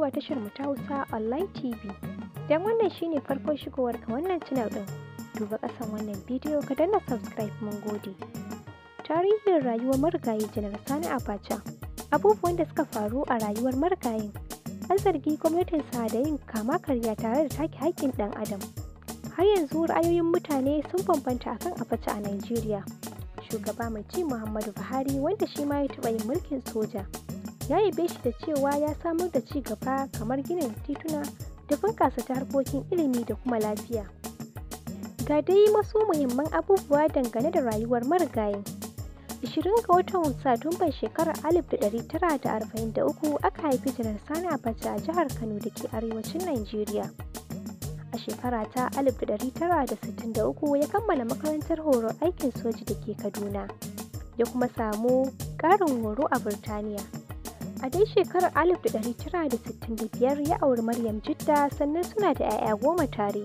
zuwa tashar mu ta Hausa Online TV. Dan wannan shine farkon shigowar ka wannan channel din, duba ƙasan wannan bidiyo ka danna subscribe mun gode. Tarihin rayuwar marigayi Janar Sani Abacha. Abubuwan da suka faru a rayuwar marigayin. An zargi gwamnatin sa da yin kama karya tare da take haƙƙin ɗan adam. Har yanzu ra'ayoyin mutane sun bambanta akan Abacha a Najeriya. Shugaba mai ci Muhammadu Buhari wanda shi ma ya taɓa yin mulkin soja. ya yabe shi da cewa ya samar da ci gaba kamar ginin tituna da bunƙasa ta harkokin ilimi da kuma lafiya ga dai maso muhimman abubuwa dangane da rayuwar marigayi 20 ga watan satumban shekarar 1943 aka haifi janar sani abacha a jihar kano da ke arewacin nigeria a shekara ta 1963 ya kammala makarantar horon aikin soji da ke kaduna ya kuma samu ƙarin horo a Birtaniya. A dai shekarar 1965 ya auri Maryam Jidda sannan suna da 'ya'ya goma tare,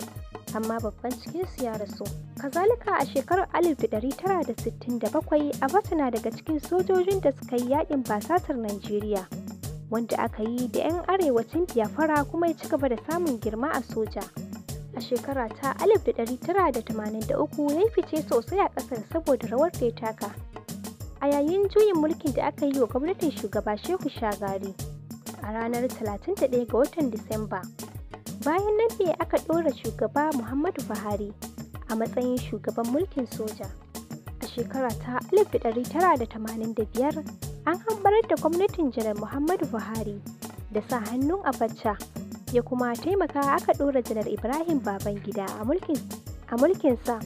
amma babban cikinsu ya rasu. Kazalika a shekarar 1967 a na daga cikin sojojin da suka yi yakin basatar Najeriya, wanda aka yi da 'yan arewacin Biafra kuma ya ci gaba da samun girma a soja. a shekara ta 1983 ya yi fice sosai a ƙasar saboda rawar da ya taka a yayin juyin mulkin da aka yi wa gwamnatin shugaba shehu shagari a ranar 31 ga watan disamba bayan nan ne aka ɗora shugaba muhammadu buhari a matsayin shugaban mulkin soja a shekara ta 1985 an hambarar da gwamnatin janar muhammadu buhari da sa hannun abacha ya kuma taimaka aka ɗora janar ibrahim babangida a mulkin sa.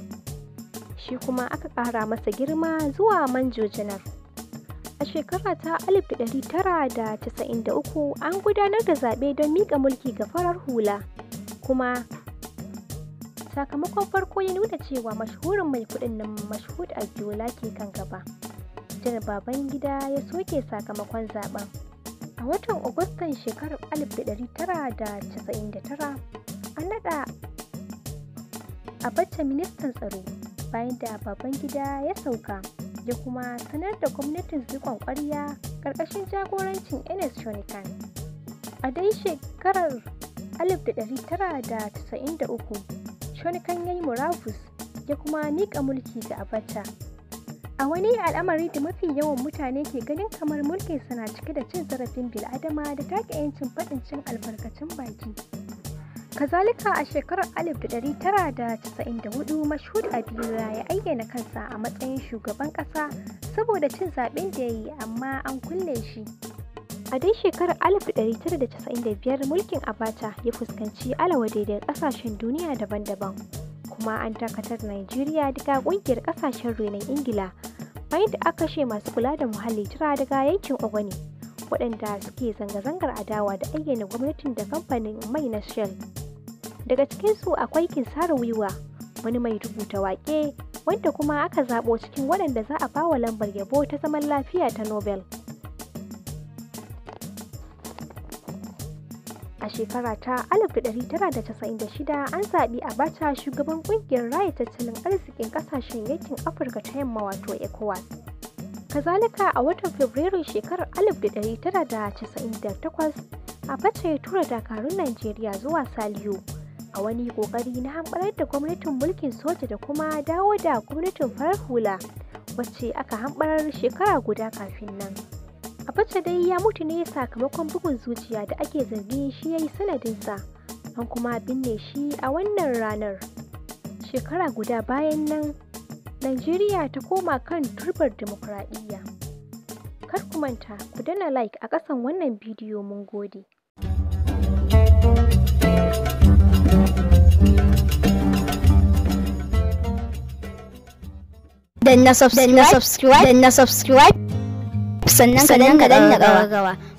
shi kuma aka ƙara masa girma zuwa manjo janar a shekara ta 1993 an gudanar da zaɓe don miƙa mulki ga farar hula kuma sakamakon farko ya nuna cewa mashhurin mai kudin nan mashhud abiola ke kan gaba jan baban gida ya soke sakamakon zaben a watan agustan shekarar 1999 an naɗa abacha ministan tsaro bayan da babban gida ya sauka ya kuma sanar da gwamnatin zikon kwarya karkashin jagorancin ns shonikan a dai shekarar 1993 shonikan ya yi murabus ya kuma miƙa mulki ga abacha a wani al'amari da mafi yawan mutane ke ganin kamar mulkin sana cike da cin zarafin bil'adama da take 'yancin faɗin cin albarkacin baki kazalika a shekarar 1994 mashhud abiola ya ayyana kansa a matsayin shugaban kasa saboda cin zaben da ya yi amma an kulle shi a dai shekarar 1995 mulkin abacha ya fuskanci alawa daidai kasashen duniya daban-daban kuma an dakatar najeriya daga kungiyar kasashen renon ingila bayan da aka kashe masu kula da muhalli tura daga yankin ogoni waɗanda suke zanga-zangar adawa da ayyana gwamnatin da kamfanin mai na shell daga cikinsu akwai kinsara wiwa wani mai rubuta waƙe wanda kuma aka zaɓo cikin waɗanda za a bawa lambar yabo ta zaman lafiya ta nobel a shekara ta 1996 an zaɓi abacha shugaban ƙungiyar raya tattalin arzikin ƙasashen yankin afirka ta yamma wato ecowas kazalika a watan fabrairun shekarar 1998 abacha ya tura dakarun najeriya zuwa saliyo a wani kokari na hamɓarar da gwamnatin mulkin soja da kuma dawo da gwamnatin farar hula wacce aka hamɓarar shekara guda kafin nan abacha dai ya mutu ne sakamakon bugun zuciya da ake zargi shi ya yi sanadinsa an kuma binne shi a wannan ranar shekara guda bayan nan najeriya ta koma kan turbar dimokuraɗiyya kar ku manta ku dana like a ƙasan wannan bidiyo mun gode Danna subscribe, danna subscribe, danna subscribe, sannan ka danna gawa-gawa.